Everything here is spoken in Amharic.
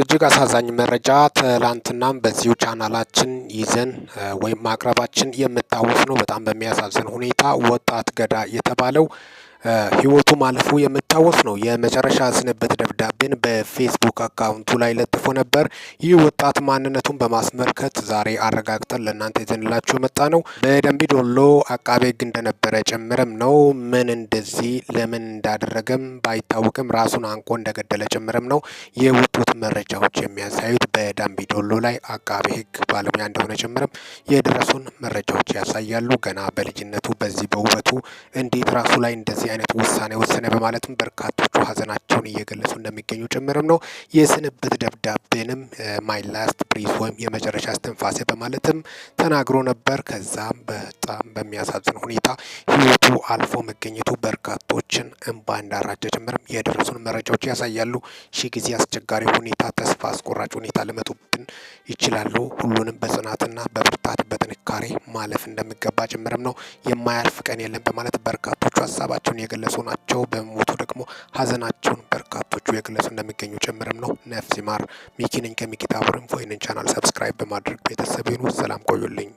እጅግ አሳዛኝ መረጃ ትላንትናም በዚሁ ቻናላችን ይዘን ወይም ማቅረባችን የምታወስ ነው። በጣም በሚያሳዝን ሁኔታ ወጣት ገዳ የተባለው ህይወቱ ማለፉ የሚታወስ ነው። የመጨረሻ ስንብት ደብዳቤን በፌስቡክ አካውንቱ ላይ ለጥፎ ነበር። ይህ ወጣት ማንነቱን በማስመልከት ዛሬ አረጋግጠን ለእናንተ የዘንላችሁ የመጣ ነው። በደንቢ ዶሎ አቃቤ ህግ እንደነበረ ጭምርም ነው። ምን እንደዚህ ለምን እንዳደረገም ባይታወቅም ራሱን አንቆ እንደገደለ ጭምርም ነው የወጡት መረጃዎች የሚያሳዩት። በደንቢ ዶሎ ላይ አቃቤ ህግ ባለሙያ እንደሆነ ጭምርም የደረሱን መረጃዎች ያሳያሉ። ገና በልጅነቱ በዚህ በውበቱ እንዴት ራሱ ላይ እንደዚህ እንደዚህ አይነት ውሳኔ ወሰነ በማለትም በርካቶቹ ሀዘናቸውን እየገለጹ እንደሚገኙ ጭምርም ነው። የስንብት ደብዳቤንም ማይ ላስት ብሪዝ ወይም የመጨረሻ እስትንፋሴ በማለትም ተናግሮ ነበር። ከዛም በጣም በሚያሳዝን ሁኔታ ህይወቱ አልፎ መገኘቱ በርካቶችን እንባ እንዳራጀ ጭምርም የደረሱን መረጃዎች ያሳያሉ። ሺ ጊዜ አስቸጋሪ ሁኔታ፣ ተስፋ አስቆራጭ ሁኔታ ሊመጡብን ይችላሉ። ሁሉንም በጽናትና በብርታት በጥንካሬ ማለፍ እንደሚገባ ጭምርም ነው። የማያልፍ ቀን የለም በማለት በርካቶቹ ሀሳባቸውን የገለጹ ናቸው። በሞቱ ደግሞ ሀዘናቸውን በርካቶቹ የገለጹ እንደሚገኙ ጭምርም ነው። ነፍሲ ማር ሚኪ ነኝ ከሚኪታቡር ኢንፎ። ይህንን ቻናል ሰብስክራይብ በማድረግ ቤተሰብ ይሁኑ። ሰላም ቆዩልኝ።